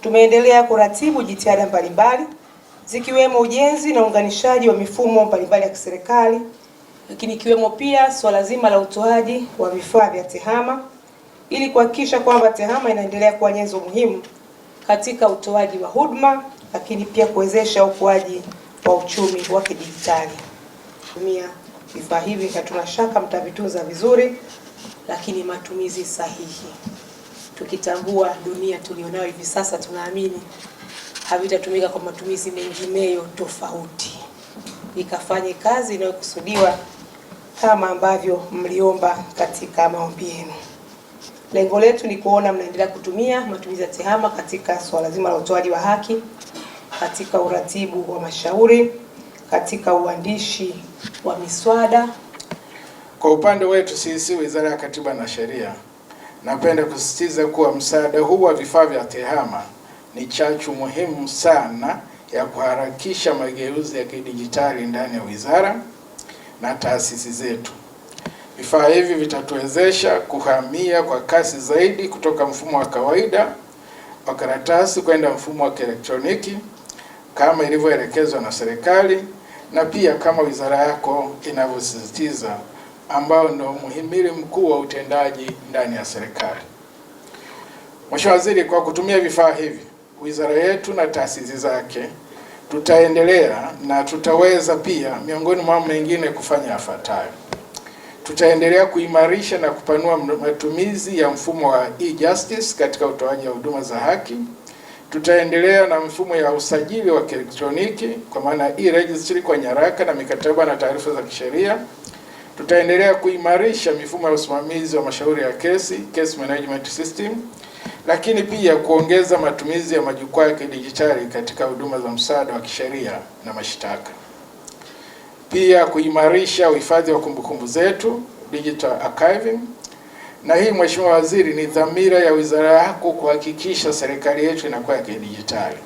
Tumeendelea kuratibu jitihada mbalimbali zikiwemo ujenzi na uunganishaji wa mifumo mbalimbali ya kiserikali, lakini ikiwemo pia suala zima la utoaji wa vifaa vya TEHAMA ili kuhakikisha kwamba TEHAMA inaendelea kuwa nyenzo muhimu katika utoaji wa huduma, lakini pia kuwezesha ukuaji wa uchumi wa kidijitali. Tumia vifaa hivi, hatuna shaka mtavitunza vizuri, lakini matumizi sahihi tukitambua dunia tulionayo hivi sasa, tunaamini havitatumika kwa matumizi mengineyo tofauti, ikafanye kazi inayokusudiwa kama ambavyo mliomba katika maombi yenu. Lengo letu ni kuona mnaendelea kutumia matumizi ya TEHAMA katika swala zima la utoaji wa haki, katika uratibu wa mashauri, katika uandishi wa miswada. Kwa upande wetu sisi, Wizara ya Katiba na Sheria Napenda kusisitiza kuwa msaada huu wa vifaa vya TEHAMA ni chachu muhimu sana ya kuharakisha mageuzi ya kidijitali ndani ya wizara na taasisi zetu. Vifaa hivi vitatuwezesha kuhamia kwa kasi zaidi kutoka mfumo wa kawaida wa karatasi kwenda mfumo wa kielektroniki kama ilivyoelekezwa na serikali na pia kama wizara yako inavyosisitiza ambao ndio mhimili mkuu wa utendaji ndani ya serikali. Mheshimiwa Waziri, kwa kutumia vifaa hivi wizara yetu na taasisi zake tutaendelea na tutaweza pia, miongoni mwa mengine, kufanya yafuatayo. Tutaendelea kuimarisha na kupanua matumizi ya mfumo wa e-justice katika utoaji wa huduma za haki. Tutaendelea na mfumo ya usajili wa kielektroniki kwa maana e-registry kwa nyaraka na mikataba na taarifa za kisheria. Tutaendelea kuimarisha mifumo ya usimamizi wa mashauri ya kesi, case management system, lakini pia kuongeza matumizi ya majukwaa ya kidijitali katika huduma za msaada wa kisheria na mashtaka. Pia kuimarisha uhifadhi wa kumbukumbu zetu, digital archiving, na hii Mheshimiwa Waziri, ni dhamira ya wizara yako kuhakikisha serikali yetu inakuwa ya kidijitali.